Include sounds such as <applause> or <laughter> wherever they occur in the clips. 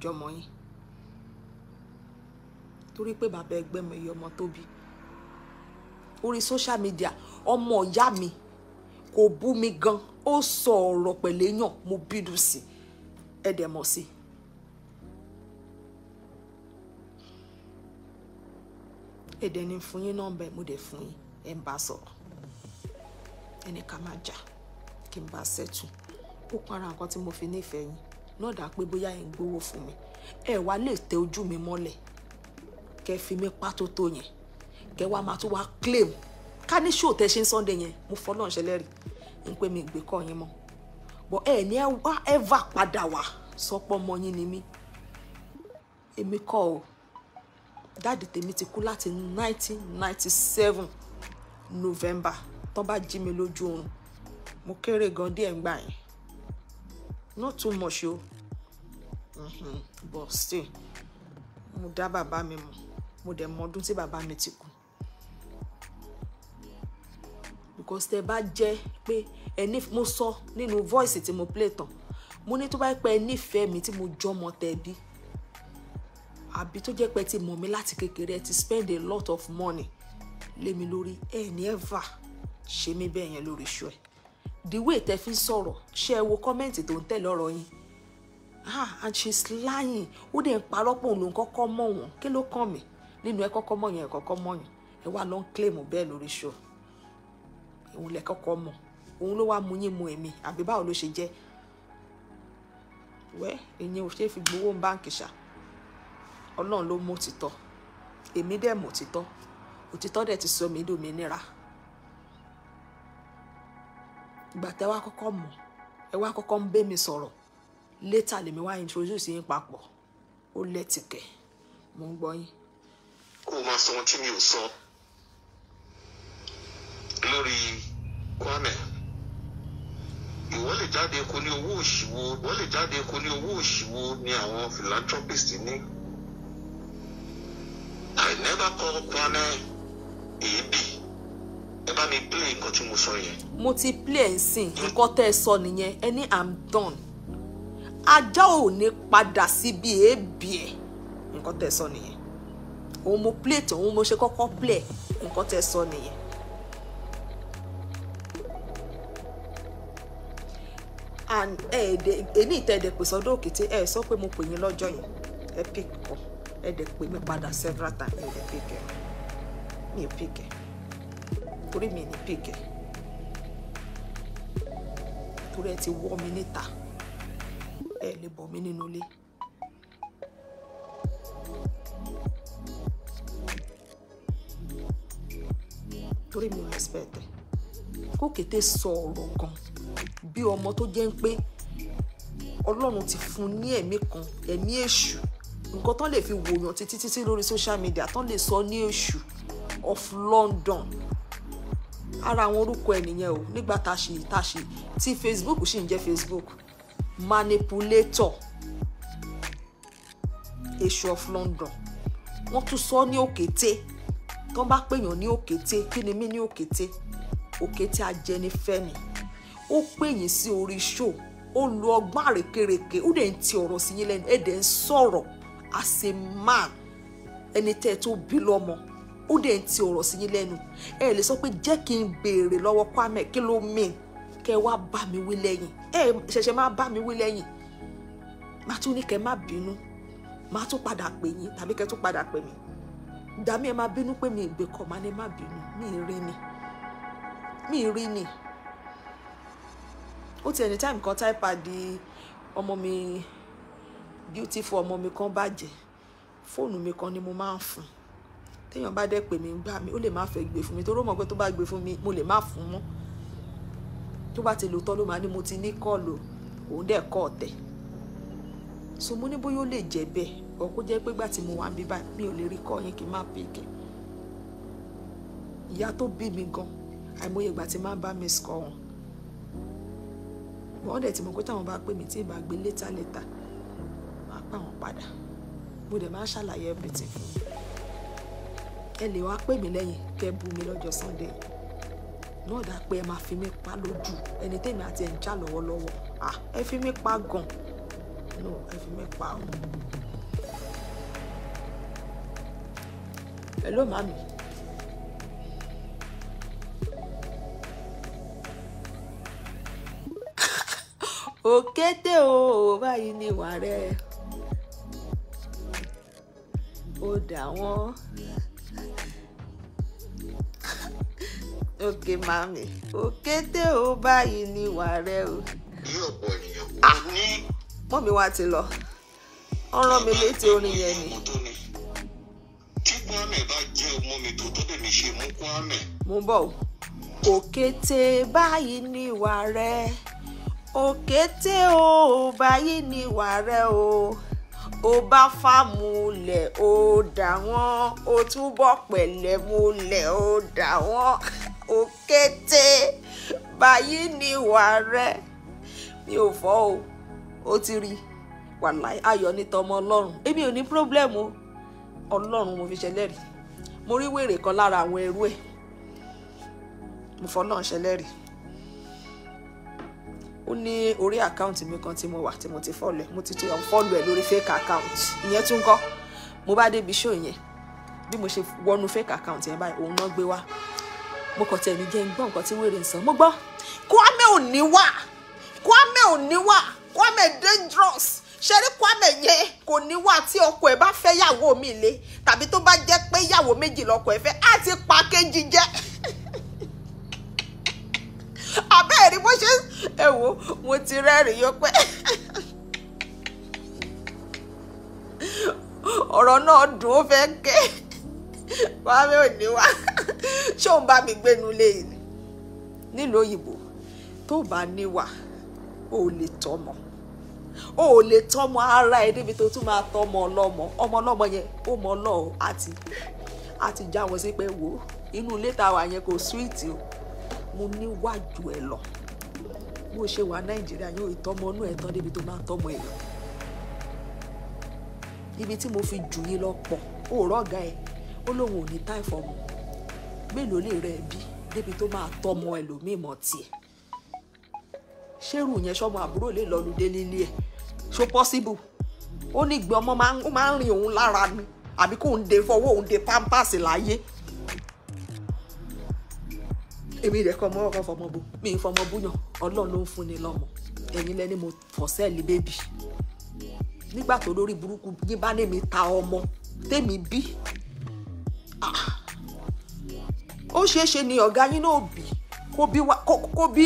jọmọ yín torí pé bàbá ẹgbẹ́ mi iye ọmọ tó orí social media ọmọ ìyá mi kò bú mi gan ó sọ ọ̀rọ̀ pẹ̀lẹ́yàn mo bínú sí ẹ dẹ̀ mọ̀ sí i. èdè ni fún yín nọ́mbà mo dé fún yín ẹ ń bá sọ̀rọ̀ ẹnì kan máa jà kí n bá ṣẹ́tù ó kún ara nǹkan tí mo fi nífẹ̀ẹ́ yín náà dà pé bóyá ẹ̀ ń gbowó fún mi ẹ wá lè tẹ ojú mi mọ́lẹ̀ fi mí pátó tó yẹn kẹ́ wá máa tún wá claim ká ní ṣó tẹ ṣe ń yẹn mo fọ́ náà ṣẹlẹ̀ rí n mi gbé kọ́ mọ́ ẹ ẹ ọmọ yín ni mí èmi kọ́ o dáàdì tèmi ti kú láti 1997 November tó bá jí mi lójú oorun mo kéré gan díẹ̀ ń gbà not too much o mm-hmm. but still mo dá bàbá mi mọ̀ mo dẹ̀ mọ ọdún tí bàbá mi ti kú because tẹ bá jẹ́ pé ẹni mo sọ nínú voice tí mo play tán mo ní tó bá pẹ́ nífẹ̀ẹ́ mi tí mo jọmọ tẹ bí àbí tó jẹ́ pé ti mọ̀ mi láti kékeré ẹ ti spend a lot of money lé mi lórí ẹ̀ ní ẹ̀fà ṣe mí bẹ́ẹ̀ yẹn lórí iṣu ẹ̀ the way tẹ fi ń sọ̀rọ̀ ṣé ẹ wo kọ́mẹ́ǹtì tó ń tẹ̀lé ọ̀rọ̀ yín ah and she's lying ó dẹ̀ ń parọ́ pé òun ló ń kọ́kọ́ mọ̀ wọ́n kí ló kàn mí nínú ẹ kọ́kọ́ mọ̀ yẹn ẹ kọ́kọ́ mọ̀ yẹn ẹ wá lọ claim bẹ́ẹ̀ lórí show òun lẹ kọ́kọ́ mọ̀ òun ló wá mú yín mu èmi àbí báwo ló ṣe jẹ́ wẹ́ ìyẹn ò ṣe é fi gbowó ń báǹkì ṣá ọlọ́run ló mú òtítọ́ èmi dẹ̀ mọ̀ òtítọ́ òtítọ́ dẹ̀ ti sọ mí dòmìnira. So ìgbà tẹ́ wá kọ́kọ́ mọ̀ ẹ wá kọ́kọ́ ń bẹ́ mi sọ̀rọ̀ létà lèmi wá introduce yín papọ̀ ó lẹ́tìkẹ̀ mo ń gbọ́ yín. kó o máa sọ ohun tí mi ò sọ lórí Kwame ìwọ lè jáde kó ní owó òṣìwò ìwọ lè jáde kó ní owó òṣìwò ni àwọn philanthropist ní. I never call Kwame bá mi play nǹkan tí mo sọ yẹn. mo ti play ẹ̀ sìn nǹkan tẹ́ ẹ sọ nìyẹn ẹ ní i'm done ajá ò ní padà síbi èébì ẹ̀ nǹkan tẹ́ ẹ sọ nìyẹn òun mo play tó òun mo ṣe kọ́kọ́ play nǹkan tẹ́ ẹ sọ nìyẹn. and ẹ̀ẹ́dẹ̀ èmi ìtẹ̀ẹ̀dẹ̀ pè sọ́dọ̀ òkété ẹ̀ sọ pé mo pè yín lọ́jọ́ yẹn ẹ pick up ẹ̀ dẹ̀ pè mí padà several times ẹ̀ dẹ̀ pick ẹ̀ mi ò pick ẹ̀ torí mi ní pèkẹ́ torí ẹ ti wọ́ mi níta ẹ lè bọ̀ mí nínú ilé. torí mi respect ẹ kó kété sọ ọ̀rọ̀ kan bí ọmọ tó jẹ́ ń pé ọlọ́run ti fún ní ẹ̀mí kan ẹ̀mí èṣù nǹkan tán lè fi wòyàn títí títí lórí social media tán lè sọ ní èṣù of London ara àwọn orúkọ ẹ̀ o nígbà tá a ṣe tá a ṣe tí Facebook sì ń jẹ́ Facebook manipulator èṣù of London wọ́n tún sọ ní òkété tó bá pèèyàn ní òkété kí ni mí ní òkété òkété ajẹnifẹ́ni ó pèyìn sí orí ṣó ó lu ọgbọ́n àrékèrèké ó dẹ̀ ń ti ọ̀rọ̀ sí yín lẹ́nu ẹ̀ dẹ̀ ń sọ̀rọ̀ as a man ẹni tẹ́ ẹ tó bí lọ́mọ ó dẹ̀ ń ti ọ̀rọ̀ sí yín lẹ́nu ẹ lè sọ pé jẹ́ kí n béèrè lọ́wọ́ Kwame kí ló mean kẹ wá bá mi wí lẹ́yìn ẹ ṣẹ̀ṣẹ̀ máa bá mi wí lẹ́yìn màá tún ní kẹ má bínú màá tún padà pè yín tàbí kẹ tún padà pè mí dàmí ẹ má bínú pé mi ìgbé kọ má ní má bínú mi ì rí ni mi ì rí ni ó ti ẹni táìmù kan táìpà di ọmọ mi beautiful ọmọ mi kan bàjẹ́ fóònù mi kan ni mo máa ń fún un téèyàn bá dẹ́ pè mí gbà mí ó lè má fẹ́ gbé fún mi torí ó mọ̀ pé tó bá gbé fún mi mo lè má fún mọ́ tó bá ti lò tán ló máa ní mo ti ní kọ́ọ̀lù òun dẹ̀ kọ́ ọ̀tẹ̀ so mo ní bóyá ó lè jẹ́ bẹ́ẹ̀ ọ̀ kó jẹ́ pé gbà tí mo wà ń bí báyìí mi ò lè rí kọ́ yín kí n má pèkẹ́ ìyá tó bí mi gan àìmọye ìgbà tí máa ń bá mi sọ wọn wọn dẹ̀ ti mọ̀ pé táwọn bá pè mí tí ìbá gbé létà létà máa pa wọn padà mo dẹ̀ máa ń ṣàlàyé everything fún un ẹ lè wá pè mí lẹ́yìn kẹ́ bu mi lọ́jọ́ sunday náà dá pé ẹ máa fi mí pa lójú ẹni tèmi àti ẹ̀ ń jà lọ́wọ́lọ́wọ́ ah ẹ fi mí pa gan no ẹ fi mí pa o. hello mami. <laughs> òkété o báyìí ni wàá rẹ ó dà wọ́n. òkè màmí òkété ò báyìí ní ìwà rẹ o. bí ọ̀pọ̀ ènìyàn ah! kò ní. mọ́ mi wá ti lọ ọ rán mi létí orin yẹn ni. tí Kwame bá jẹ́ ọmọ mi tó tó lè mi ṣe mú Kwame. mo bọ̀ o òkété báyìí ní ìwà rẹ òkété ò báyìí ní ìwà rẹ o ó bá fàmúlẹ̀ ó dà wọ́n ó túbọ̀ pẹ̀lẹ́ múlẹ̀ ó dà wọ́n òkété báyìí ni ìwà rẹ mi ò fọ́ o ó ti rí wàláì ayọ̀ ní tọmọ ọlọ́run èmi ò ní problem o mo fi ṣẹlẹ́rìí mo rí wèrè kan lára àwọn ẹrú ẹ̀ mo fọ́ náà ṣẹlẹ́rìí ó ní orí àkáǹtì mi kan tí mo wà tí mo ti fọ́ọ̀lù mo ti tún fọ́ọ̀lù ẹ̀ lórí fake account ìyẹn tún kọ́ mo bá débi show yẹn bí mo ṣe wọnú fake account yẹn báyìí òun náà gbé wá mo kàn tẹ̀ ní jẹ́ ń gbọ́ nǹkan tí wèrè ń sọ mo gbọ́ Kwame ò ní wà Kwame ò ní wà Kwame dangerous ṣẹ́rí Kwame yẹn kò ní wà tí ọkọ ẹ̀ bá fẹ́ yàwó mi lé tàbí tó bá jẹ́ pé yàwó méjì lọ́kọ ẹ̀ fẹ́ á ti pa kéjì jẹ́ abẹ́ẹ̀ <laughs> ni ṣe ẹ wo mo ti rẹ́rìn yọ pé <laughs> ọ̀rọ̀ náà dùn ó fẹ́ ké <laughs> Kwame ò ní wà ṣé òun bá mi gbénu lé e ni nílùú òyìnbó tó bá níwà ò lè tọ́mọ ò lè tọ́mọ ara ẹ níbi tó tún máa tọ́mọ ọlọ́mọ ọmọ ọlọ́mọ yẹn ó mọ ọlọ́ọ̀ àti àti jáwọ́ sí pé wò ó inú ilé tá a wà yẹn kò súwìtì o mo níwájú ẹ lọ bó ṣe wà nàìjíríà yóò ìtọ́mọ inú ẹ̀ tán débi tó máa tọ́mọ èèyàn ibi tí mo fi jù yín lọ pọ̀ òórọ̀ ọ̀gá ẹ̀ ó lóun ò ní táì mélòó lè rẹ bí débi tó máa tọmọ ẹlòmíì mọ tiẹ̀ ṣérù yẹn sọmọ àbúrò lè lọ lùdé nílé ẹ̀ ṣó pọ́síbù ó ní ìgbẹ́ ọmọ máa ń rin òun lára ni àbí kóun de fọwọ́ òun de pampasì láyé èmi rẹ̀ kọ́ mọ́wọ́ kan fọmọ bu mi ì fọmọ bu yàn ọlọ́run ló ń fún ni lọ́mọ ẹ̀yin lẹ́ni mo fọ̀ sẹ́ẹ̀lì bébì nígbà tó lórí burúkú yín bá ní mi ta ọmọ tèmi bí ah, ó ṣeé ni ọ̀gá yín náà bí kó bí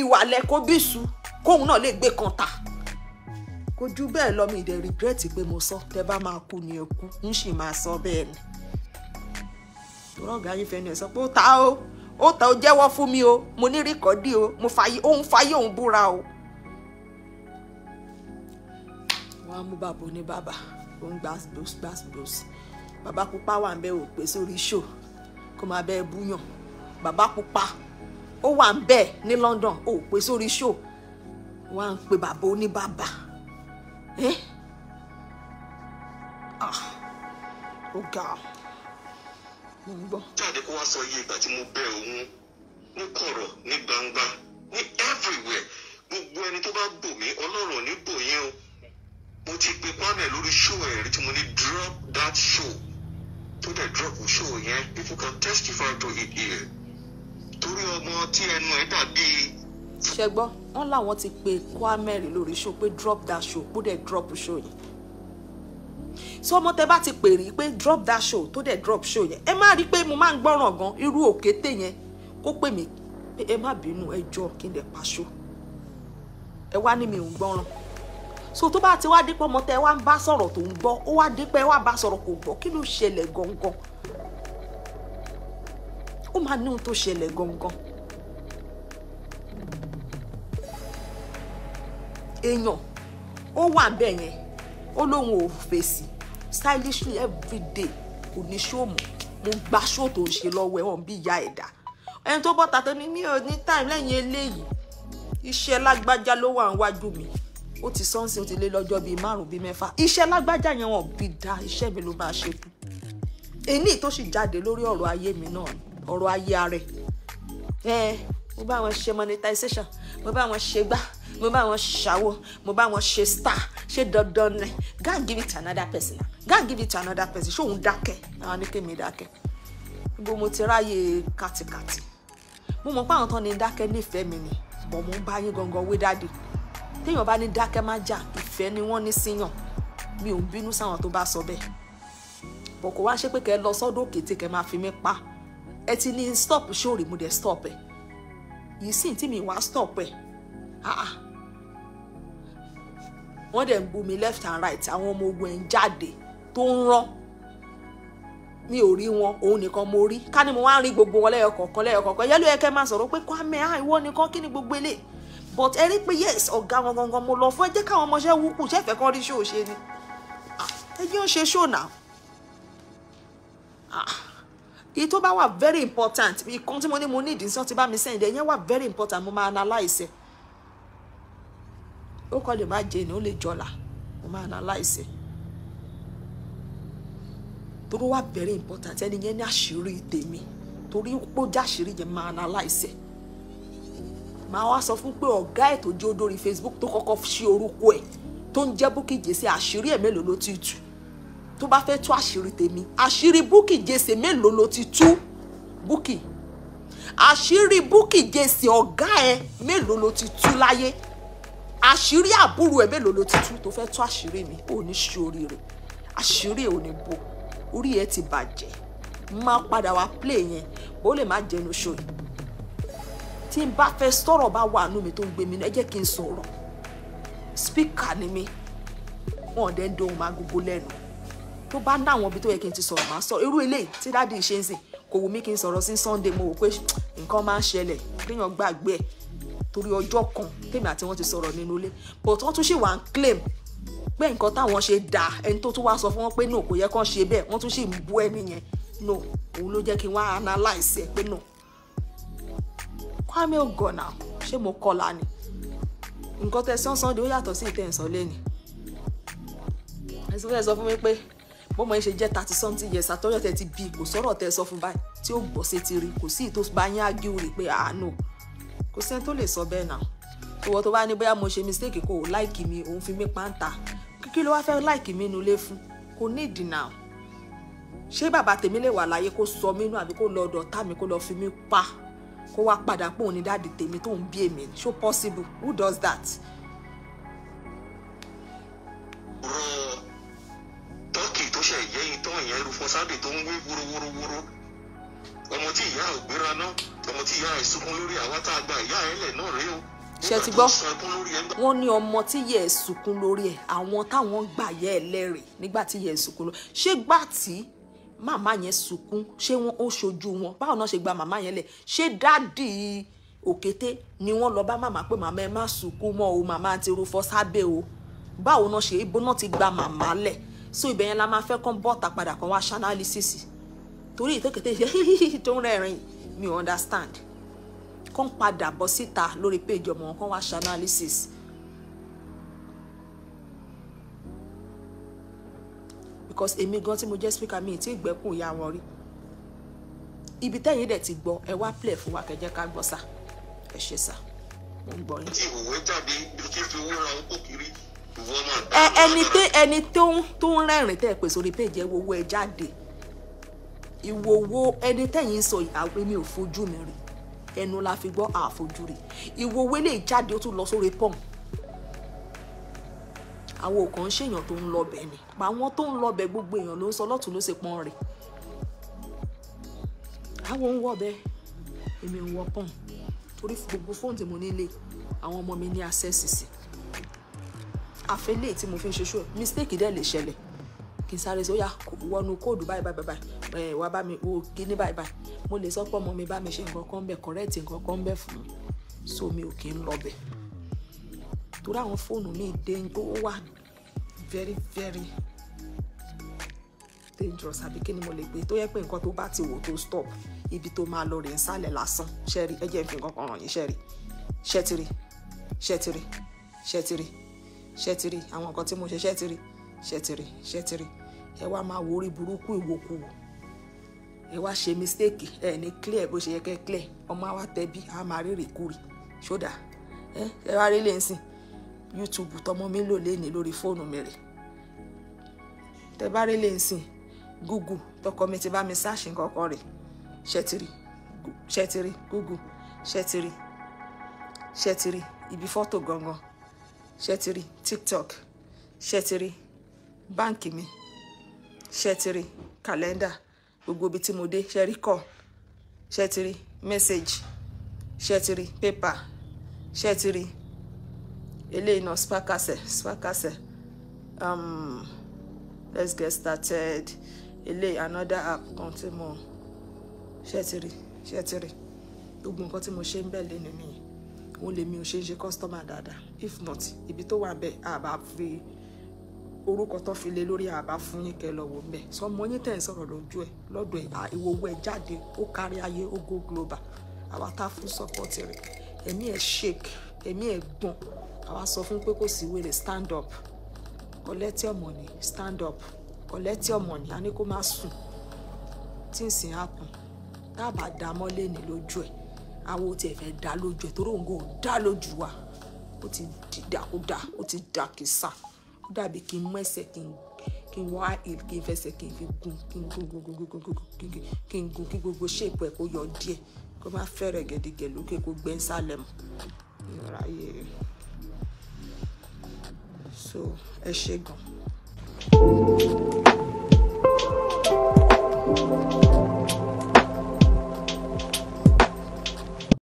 ìwàlẹ̀ kó bí su kóun náà lè gbé kan ta kò ju bẹ́ẹ̀ lọ mi ìdẹ̀ regret pé mo sọ tẹ bá máa kú ni ẹ kú ń sì máa sọ bẹ́ẹ̀ ni tòrọ ọ̀gá yín fẹnu ẹ̀ sọ pé ó ta ó ó ta ó jẹ́wọ́ fún mi o mo ní rìkọ́dì o mo fàyè òun fàyè òun búra o. wọ́n á mú bàbá oní bàbá òun gbàsgbòs gbàsgbòs bàbá pupa wà ń bẹ́ òpè sórí ṣòó kó máa bẹ́ẹ̀ búyàn bàbá pupa ó wà ń bẹ́ẹ̀ ní London ó pè sórí ṣó wà ń pe bàbá oníbàbà ah, ó ga mo ń gbọ́. jáde kó wá sọ iye ìgbà tí mo bẹ òun ní kọ̀rọ̀ ní gbangba ní everywhere gbogbo ẹni tó bá bò mí ọlọ́run ní bò yín o mo ti pe Kwame lórí ṣó ẹ̀rí tí mo ní drop that show tó dẹ̀ drop show yẹn people can testify to it here torí ọmọ tí ẹnu ẹ̀ dàbí. ṣẹgbọ́n wọn làwọn ti pe kwamẹ́rì lórí show pé drop that show kó dẹ̀ drop show yẹn so ọmọ tẹ bá ti pè rí pé drop that show tó dẹ̀ drop show yẹn ẹ má rí i pé mo máa ń gbọ́ràn gan irú òkété yẹn kó pè mí pé ẹ má bínú ẹ jọ kí n dẹ̀ pa show ẹ wá ní mi ò ń gbọ́ràn so tó bá ti wá dípẹ́ ọmọ tẹ́ wá ń bá sọ̀rọ̀ tó ń gbọ́ ó wá dípẹ́ wá bá sọ̀rọ̀ kò gbọ́ kí ló ṣẹlẹ̀ gangan ó máa ní ohun tó ṣẹlẹ̀ gangan èèyàn ó wà bẹ́ẹ̀ yẹn ó lóun ò fèsì stylishly everyday kò ní ṣóòmù mo gba ṣóò tó ń ṣe lọ́wọ́ ẹ̀wọ̀n bí ìyá ẹ̀dá ẹni tó bọ́ta tó ní mi ò ní time lẹ́yìn eléyìí iṣẹ́ lágbájá ló wà níwájú mi ó ti sọ́nsìn ó ti lé lọ́jọ́ bíi márùn-ún bíi mẹ́fà iṣẹ́ lágbájá yẹn wọn bí da iṣẹ́ mi ló máa ṣe kú èní tó sì jáde lórí ọ̀rọ̀ ayé mi náà ọ̀rọ̀ ayé ara ẹ̀ mo bá wọn ṣe monetization mo bá wọn ṣe gbá mo bá wọn ṣàwo mo bá wọn ṣe star ṣe dandan ni go give it to another person go give it to another person ṣóun dákẹ́ àwọn ní kémi dákẹ́ gbogbo mo ti ráyè kàtìkàtì mo mọ̀ pé àwọn tán ni dákẹ́ nífẹ̀ẹ́ mi ni bọ̀ mo ń bá yín gangan wé dáadé téèyàn bá ní dákẹ́ má jà ìfẹ́ ni wọ́n ní síyàn mi ò ń bínú sáwọn tó bá sọ bẹ́ẹ̀ bọ̀ kò wá ṣe pé kẹ́ ẹ lọ sọ́dọ̀ òkété kẹ́ máa fi mí pa ẹ ti ní stop ṣóòrè mo dẹ̀ stop ẹ̀ yìí sì tí mi wá stop ẹ̀ ah wọ́n dẹ̀ ń bu mi left and right àwọn ọmọ ogun ẹ̀ ń jáde tó ń rán mi ò rí wọn òun nìkan mo rí ká ní mo wá ń rí gbogbo wọn lẹ́yọ kọ̀ọ̀kan yẹ́lò ẹ̀kẹ́ máa sọ̀rọ̀ pé Kwame ah ìwọ nìkan kí ni gbogbo eléyìí but ẹ rí pé yes ọ̀gá wọn gangan mo lọ fún ẹ jẹ́ káwọn ọmọọṣẹ́ wúkú ṣẹ́fẹ̀ẹ́ kọ́ rí ṣó ṣe ni ah, ẹ jẹ́ ó ṣe ṣó náà ah, èyí tó bá wà very important ìkan tí mo ní mo ní ìdí sọ́ọ́ ti bá mi sẹ́yìn dẹ̀ yẹn wà very important mo máa analyse ó kọ́ lè má jẹ ìnáwó lè jọlá mo máa analyse tó wà very important ẹni yẹn ní àṣírí tèmi torí ó pọ̀ jáṣírí yẹn máa analyse màá wá sọ fún pé ọ̀gá ẹ̀ tó jó Facebook tó kọ́kọ́ ṣí orúkọ ẹ̀ tó ń jẹ́ Bukky Jesse àṣírí ẹ̀ mélòó ló ti tú tó bá fẹ́ tú àṣírí tèmi àṣírí Bukky Jesse mélòó ló ti tú Bukky àṣírí Bukky Jesse ọ̀gá ẹ̀ mélòó ló ti tú láyé àṣírí àbúrò ẹ̀ mélòó ló ti tú tó fẹ́ tú àṣírí mi ò ní ṣe oríire àṣírí ò ní bò orí ẹ̀ ti bàjẹ́ máa padà wá play yẹn ó lè má jẹnu ṣòyìn tí n bá fẹ́ sọ̀rọ̀ bá wà nù mí tó ń gbé mi ẹ jẹ́ kí n sọ̀rọ̀ spíkà ni mi wọn dẹ̀ ń dohùn máa gbogbo lẹ́nu tó bá ná àwọn ibi tó yẹ kí n ti sọ̀rọ̀ máa sọ irú eléyìí tí dáàdi ṣe ń sìn kò wù mí kí n sọ̀rọ̀ sí Sunday mo wò pé nǹkan máa ń ṣẹlẹ̀ kéèyàn gbàgbé ẹ̀ torí ọjọ́ kan tèmi àti wọn ti sọ̀rọ̀ nínú ilé but wọ́n tún ṣì wà ń claim pé nǹkan táwọn ṣe dà ẹni tó tún wá sọ fún wọn pé no kò yẹ kán ṣe bẹ́ẹ̀ wọ́n tún ṣì ń bú ẹni yẹn no òun ló jẹ́ kí wọ́n analyse ẹ̀ pé no Kwame Ogona ṣé mo kọlà ni nǹkan tẹ sán Sunday ó yàtọ̀ sí ìtẹ̀ ǹsán lẹ́nu ẹ̀sìn fẹ́ sọ fún mi pé bó mọ̀ ẹ́ ṣe jẹ́ thirty something years àtọ́jọ́ tẹ ti bí kò sọ̀rọ̀ tẹ sọ fún báyìí tí ó gbọ́ sí ti rí kò sí ìtò bá yín ágíwò rè pé àánú ah, kò sẹ́ni tó lè sọ bẹ́ẹ̀ náà ìwọ tó bá ní bóyá mo ṣe mistake kò láìkì mi òun fi mí pàǹtà kí ló wá fẹ́ láìkì mi nulẹ̀ fún kò ní ìdìnnà ṣé bàbá tèmi lè wà láyé kó sọ mí nù àbí kó lọ ọ̀dọ̀ tá mi kó lọ fi mí pa kó wá padà pé òun ní dáàdì tèmi tó ń bí èmi so possible who does that. tọ́kì tó ṣe ìyẹ́ yìí tán ìyẹn irúfọ́ sáde tó ń wé wúrúwúrúwúrú ọmọ tí ìyá ò gbéra náà ọmọ tí ìyá ẹ̀ sunkún lórí àwa tá a gba ìyá ẹ̀ lẹ̀ náà rèé o ṣe ti gbọ́ wọ́n ní ọmọ tí yẹ ẹ̀ sunkún lórí ẹ̀ àwọn táwọn gbà yẹ ẹ̀ lẹ́rìí nígbà tí yẹ ẹ̀ sunkún lórí ṣé gbà tí màmá yẹn sunkún ṣé wọn ó ṣojú wọn báwo náà ṣe gba màmá yẹn lẹ ṣé dáàdì òkété ni wọn lọ bá màmá pé màmá ẹ má sunkún mọ́ o màmá ti rúfọ sábẹ́ o báwo náà ṣe ibo náà ti gba màmá lẹ so ibẹ̀ yẹn la máa fẹ́ kán bọ́ọ̀tà padà kan wá ṣanálísìs torí ìtòkété ṣe <laughs> tó ń rẹ́rìn mi understand kán padà bọ́ síta lórí péjọ mọ̀ kán wá ṣanálísìs because Emi gan tí mo jẹ́ speaker mi tí ìgbẹ́kùn ìyá wọn rí ibi tẹ́yìn dẹ̀ ti gbọ́ ẹ wá plẹ̀ fún wa kẹjẹ́ ká gbọ́ sà ẹ ṣe sà mo ń gbọ́ yín. tí ìwòwé jáde ló ti fi owó ra owó kiri ìwọ máa dá. ẹni pé ẹni tó ń rẹ́rìn tẹ́ pè sórí péjì ẹ wo owó ẹ jáde ìwòwò ẹni tẹ́yìn sọ ìhàwé mi ò fojú mi rí ẹnu la fi gbọ́ àfojú rí lè jáde ó tún lọ sórí pọ́ǹpù àwọn ò kàn ń ṣèyàn tó ń lọbẹ ni pa àwọn tó ń lọbẹ gbogbo èèyàn ló ń sọ lọ́tún ló ṣe pọ́n rẹ̀ àwọn ń wọbẹ èmi ń wọpọ̀n torí gbogbo fóònù tí mo nílé àwọn ọmọ mi ní access sí àfẹ́lẹ́ tí mo fi ń ṣe ṣó mistake dẹ̀ lè ṣẹlẹ̀ kì í sáré sí ó yà wọnú kóòdù báyìí báyìí báyìí ẹ wàá bá mi wo kíní báyìí báyìí mo lè sọ pé ọmọ mi bá mi ṣe nǹkan kan bẹ́ẹ̀ correct nǹkan kan bẹ́ẹ̀ fún mi so mi ò kì í lọ bẹ́ẹ̀ torí àwọn fóònù mi dé ó wà very very dangerous àbí kí ni mo lè pè tó yẹ pé nǹkan tó bá ti wò tó stop ibi tó máa lọ rè ń sálẹ̀ lásán ṣẹ́ẹ̀rì ẹ jẹ́ n fi nǹkan kan ràn yín ṣẹ́ẹ̀rì ṣẹ́ẹ̀tìrì ṣẹ́ẹ̀tìrì ṣẹ́ẹ̀tìrì ṣẹ́ẹ̀tìrì àwọn nǹkan tí mo ṣe ṣẹ́ẹ̀tìrì ṣẹ́ẹ̀tìrì ṣẹ́ẹ̀tìrì ẹ wá máa wo orí burúkú ìwòkuwò ẹ wá ṣe mistake ẹ ní clear bó ṣe yẹ kẹ́ clear ọmọ àwa tẹ́bí a máa rí rèkúrì ṣódà ẹ ẹ wá rí lẹ́sìn YouTube tọmọ mi lò léni lórí fóònù mi rè tẹ bá rí lẹ́sìn Google tọkọ mi ti bá mi sáàṣì kọ́kọ́ rè ṣẹ́tìrì ṣẹ́tìrì Google ṣẹ́tìrì ṣẹ́tìrì ibi fọ́tò gangan ṣẹ́tìrì TikTok ṣẹ́tìrì báǹkì mi ṣẹ́tìrì kàlẹ́ndà gbogbo ibi tí mo dé ṣẹ́rí kọ́ ṣẹ́tìrì mẹ́sẹ̀gì ṣẹ́tìrì pépà ṣẹ́tìrì eléyìí náà spakase spakase um, let's get started eléyìí another app kan tí mo ṣe ti rí ṣe ti rí gbogbo nǹkan tí mo ṣe ń bẹ̀ lẹ́nu mi òun lèmi ò ṣe ń ṣe customer dáadáa if not ibi tó wà bẹ́ẹ̀ àbá fi orúkọ tó fi lé lórí àbá fún yín kẹ lọ wò ń bẹ sọmọ yín tẹ̀ ń sọ̀rọ̀ lójú ẹ̀ lọ́dọ̀ ẹ̀ ìwòwò ẹ̀ jáde ó kárí ayé ó go global àwa tá a fún support rẹ̀ ẹ̀mí ẹ̀ shake ẹ̀mí ẹ̀ gbọ̀n àwa sọ fún pé kò sí wèrè stand up collect your money stand up collect your money a ní kó má sùn things happen dábàá dá mọ́lé ní lójú ẹ̀ àwọn ò tiẹ̀ fẹ́ dá lójú ẹ̀ torí òun kò dá lójú wa ó ti dàkúdà ó ti dàkísà ó dàbí kí n mú ẹsẹ̀ kí n kí n wá kí n fẹsẹ̀ kí n fi gun kí n gun gun gun gun gun kí n gun kí gbogbo ṣèpù ẹ̀ kó yọ díẹ̀ kó má fẹ́rẹ̀ gẹ̀dẹ̀gẹ̀ lókè kó gbẹ́ ń sálẹ̀ mọ́ ìrọ̀ráyè so ẹ ṣé gan. thank you